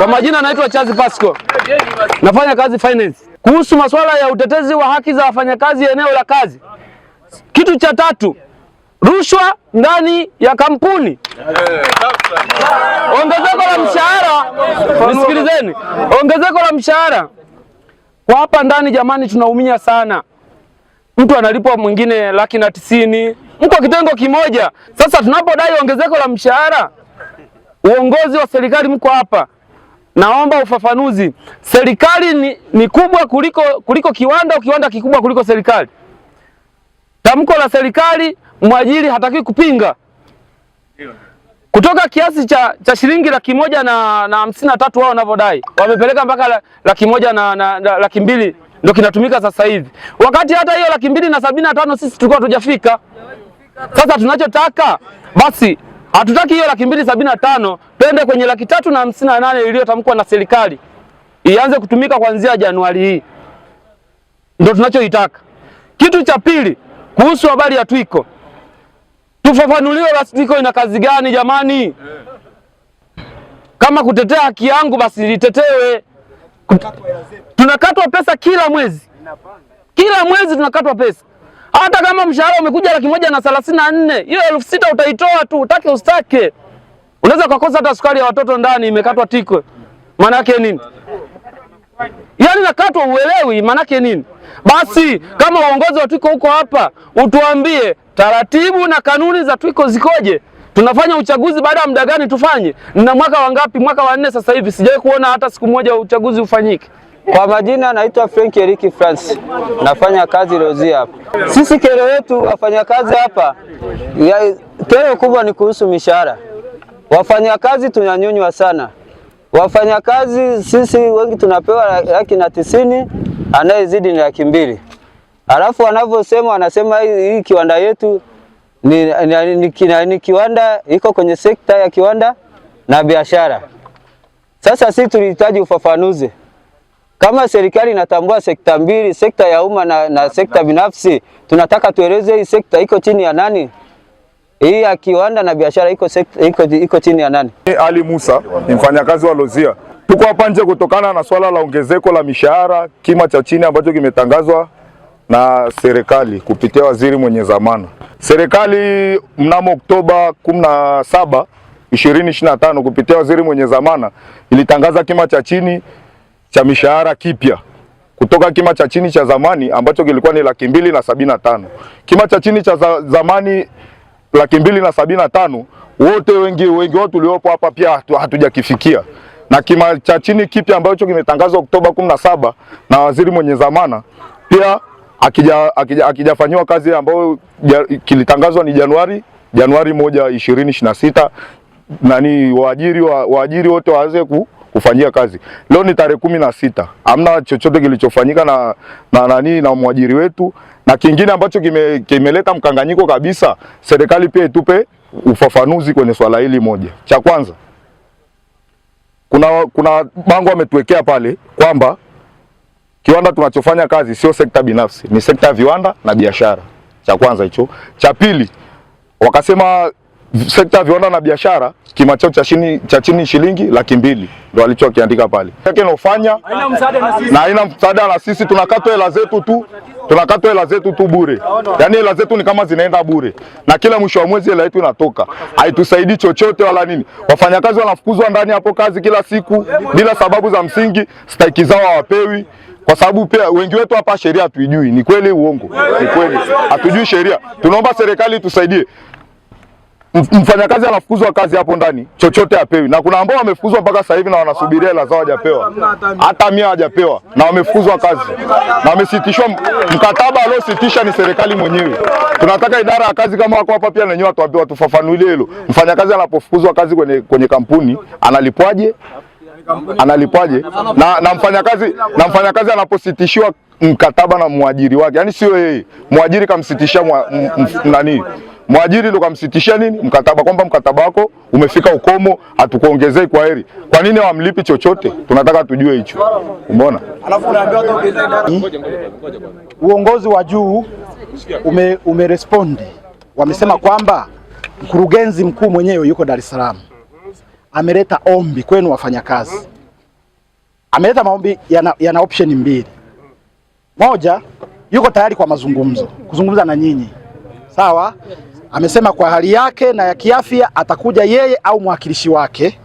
Kwa majina naitwa Chazi Pasco, nafanya kazi finance. Kuhusu masuala ya utetezi wa haki za wafanyakazi eneo la kazi, kitu cha tatu, rushwa ndani ya kampuni. Ongezeko la mshahara, nisikilizeni, ongezeko la mshahara kwa hapa ndani, jamani, tunaumia sana. Mtu analipwa mwingine laki na tisini, mko kitengo kimoja. Sasa tunapodai ongezeko la mshahara, uongozi wa serikali mko hapa naomba ufafanuzi. Serikali ni, ni kubwa kuliko, kuliko kiwanda au kiwanda kikubwa kuliko serikali? Tamko la serikali, mwajiri hatakiwi kupinga kutoka kiasi cha, cha shilingi laki moja na hamsini na tatu wao wanavyodai, wamepeleka mpaka laki moja na, na, na laki mbili ndio kinatumika sasa hivi, wakati hata hiyo laki mbili na sabini na tano sisi tulikuwa hatujafika. Sasa tunachotaka basi Hatutaki hiyo laki mbili sabini na tano twende kwenye laki tatu na hamsini na nane iliyotamkwa na serikali ianze kutumika kuanzia Januari hii, ndio tunachoitaka. Kitu cha pili kuhusu habari ya Twiko, tufafanuliwe basi Twiko ina kazi gani jamani? Kama kutetea haki yangu basi litetewe. Tunakatwa pesa kila mwezi, kila mwezi tunakatwa pesa hata kama mshahara umekuja laki moja na thelathini na nne, hiyo elfu sita utaitoa tu, utake ustake. Unaweza ukakosa hata sukari ya watoto ndani imekatwa tikwe. Maana yake nini? Yaani nakatwa uelewi maana yake nini? Basi kama waongozi wa twiko huko hapa utuambie taratibu na kanuni za twiko zikoje? Tunafanya uchaguzi baada ya muda gani tufanye? Na mwaka wangapi? Mwaka wa nne sasa hivi. Sijawahi kuona hata siku moja uchaguzi ufanyike. Kwa majina naitwa Frank Eriki France, nafanya kazi Rozia hapa. Sisi kero yetu wafanyakazi hapa, kero kubwa ni kuhusu mishahara. Wafanyakazi tunanyunywa sana. Wafanyakazi sisi wengi tunapewa laki na tisini, anayezidi ni laki mbili. Alafu wanavyosema wanasema hii kiwanda yetu ni, ni, ni, ni, ni kiwanda iko kwenye sekta ya kiwanda na biashara. Sasa sisi tulihitaji ufafanuzi kama serikali inatambua sekta mbili, sekta ya umma na, na sekta binafsi, tunataka tueleze hii sekta iko chini ya nani? Hii ya kiwanda na biashara iko, iko, iko chini ya nani? Ali Musa ni mfanyakazi wa Lozia. Tuko hapa nje kutokana na swala la ongezeko la mishahara kima cha chini ambacho kimetangazwa na serikali kupitia waziri mwenye zamana. Serikali mnamo Oktoba 17, 2025 kupitia waziri mwenye zamana ilitangaza kima cha chini cha mishahara kipya kutoka kima cha chini cha zamani ambacho kilikuwa ni laki mbili na sabini na tano. Kima cha chini cha za, zamani laki mbili na sabini na tano, wote wengi wengi wote tuliopo hapa pia hatujakifikia na kima cha chini kipya ambacho kimetangazwa Oktoba kumi na saba na waziri mwenye zamana pia akija akijafanyiwa kazi ambayo kilitangazwa ni Januari Januari moja ishirini ishirini na sita nani waajiri wa, waajiri wote waweze ku kufanyia kazi. Leo ni tarehe kumi na sita, hamna chochote kilichofanyika na na nani na mwajiri wetu, na kingine ambacho kimeleta kime mkanganyiko kabisa, serikali pia itupe ufafanuzi kwenye swala hili moja. Cha kwanza, kuna kuna bango ametuwekea pale kwamba kiwanda tunachofanya kazi sio sekta binafsi, ni sekta ya viwanda na biashara. Cha kwanza hicho. Cha pili, wakasema sekta ya viwanda na biashara kima chao cha chini cha chini shilingi laki mbili ndo alichokiandika pale yake inofanya na haina msaada na sisi tunakatwa hela zetu tu, tunakatwa hela zetu tu bure, yaani hela zetu ni kama zinaenda bure, na kila mwisho wa mwezi hela yetu inatoka, haitusaidii chochote wala nini. Wafanyakazi wanafukuzwa ndani hapo kazi kila siku bila sababu za msingi, stahiki zao hawapewi kwa sababu pia wengi wetu hapa sheria hatuijui. Ni kweli uongo? Ni kweli, hatujui sheria. Tunaomba serikali tusaidie mfanyakazi anafukuzwa kazi hapo ndani, chochote apewi na kuna ambao wamefukuzwa mpaka sasa hivi na wanasubiria hela zao, hajapewa hata mia, hajapewa na wamefukuzwa kazi na wamesitishwa mkataba. Aliositisha ni serikali mwenyewe. Tunataka idara ya kazi, kama wako hapa pia na wenyewe watufafanulie hilo, mfanyakazi anapofukuzwa kazi kwenye, kwenye kampuni analipwaje? analipwaje na, na mfanyakazi na mfanyakazi anapositishiwa mkataba na mwajiri wake, yani sio yeye mwajiri kamsitishia nani Mwajiri ndio kamsitisha nini mkataba, kwamba mkataba wako umefika ukomo, hatukuongezei kwa heri. Kwa nini hawamlipi chochote? Tunataka tujue hicho, umeona. Uongozi wa juu ume, umerespondi wamesema kwamba mkurugenzi mkuu mwenyewe yuko Dar es Salaam, ameleta ombi kwenu wafanyakazi, ameleta maombi yana, yana option mbili. Moja, yuko tayari kwa mazungumzo, kuzungumza na nyinyi, sawa. Amesema kwa hali yake na ya kiafya atakuja yeye au mwakilishi wake,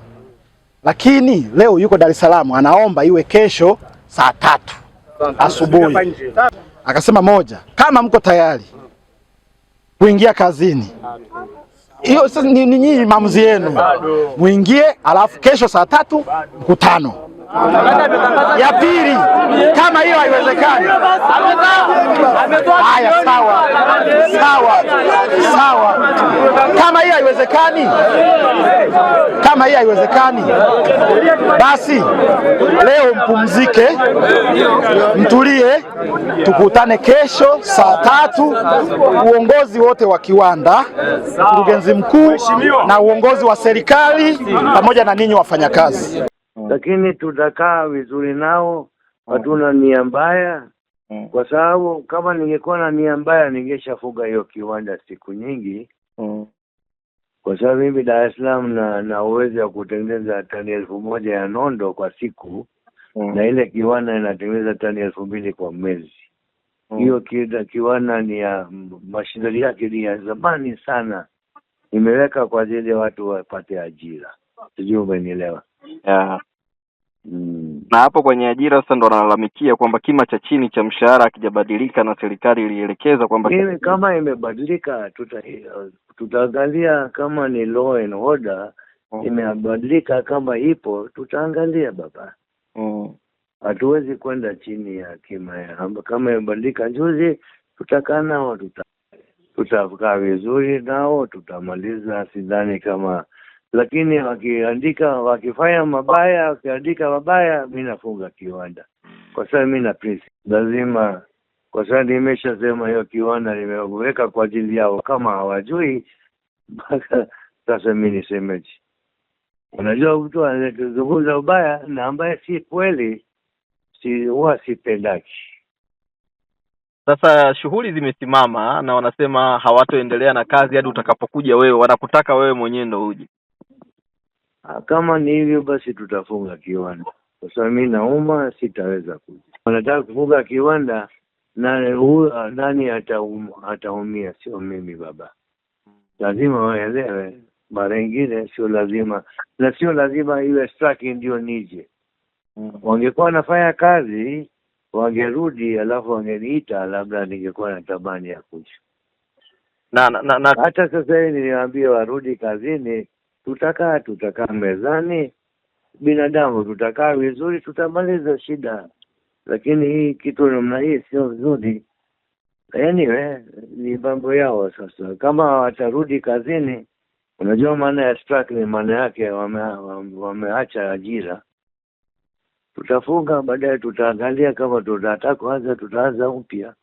lakini leo yuko Dar es Salaam, anaomba iwe kesho saa tatu asubuhi. Akasema moja, kama mko tayari kuingia kazini, hiyo ni nyinyi, maamuzi yenu, muingie, alafu kesho saa tatu mkutano ya pili. Kama hiyo haiwezekani, haya sawa sawa sawa. Kama hiyo haiwezekani, kama hiyo haiwezekani, basi leo mpumzike, mtulie, tukutane kesho saa tatu, uongozi wote wa kiwanda, mkurugenzi mkuu na uongozi wa serikali pamoja na ninyi wafanyakazi mm. lakini tutakaa vizuri nao, mm. hatuna mm. nia mbaya mm. kwa sababu kama ningekuwa na nia mbaya ningeshafuga hiyo kiwanda siku nyingi mm. kwa sababu mimi Dar es Salaam na na uwezo wa kutengeneza tani elfu moja ya nondo kwa siku mm. na ile kiwanda inatengeneza tani elfu mbili kwa mwezi mm. hiyo mm. kiwana ni ya mashindari yake ni ya zamani sana imeweka kwa ajili ya watu wapate ajira, sijui umenielewa? yeah mm. Na hapo kwenye ajira sasa ndo wanalalamikia kwamba kima cha chini cha mshahara akijabadilika na serikali ilielekeza kwamba Hili kama imebadilika, tuta tutaangalia kama ni law and order mm. imebadilika, kama ipo tutaangalia baba mm. Hatuwezi kwenda chini ya kima ya kama imebadilika juzi, tutakaa nao tuta tutakaa vizuri nao tutamaliza. Sidhani kama lakini wakiandika wakifanya mabaya, wakiandika mabaya, mi nafunga kiwanda kwa sababu mi na prinsi lazima, kwa sababu nimeshasema hiyo kiwanda nimeweka kwa ajili yao. Kama hawajui mpaka sasa, mi nisemeje? Unajua, mtu anazungumza ubaya na ambaye si kweli, si huwa sipendaki. Sasa shughuli zimesimama na wanasema hawatoendelea na kazi hadi utakapokuja wewe, wanakutaka wewe mwenyewe ndo uje. Ah, kama ni hivyo basi tutafunga kiwanda, kwa sababu mi nauma, sitaweza kuja. Wanataka kufunga kiwanda, nani ah, ataumia? Sio mimi baba, lazima waelewe. Mara ingine sio lazima, na sio lazima iwe straki ndio nije. Wangekuwa wanafanya kazi wangerudi, alafu wangeniita, labda ningekuwa na tamani ya kuja na, na, na, hata sasa hivi niliwambia warudi kazini tutakaa tutakaa mezani binadamu tutakaa vizuri tutamaliza shida lakini hii kitu namna hii sio vizuri anyway ni mambo yao sasa kama watarudi kazini unajua maana ya strike ni maana yake wame, wameacha ajira tutafunga baadaye tutaangalia kama tutataka kuanza tutaanza upya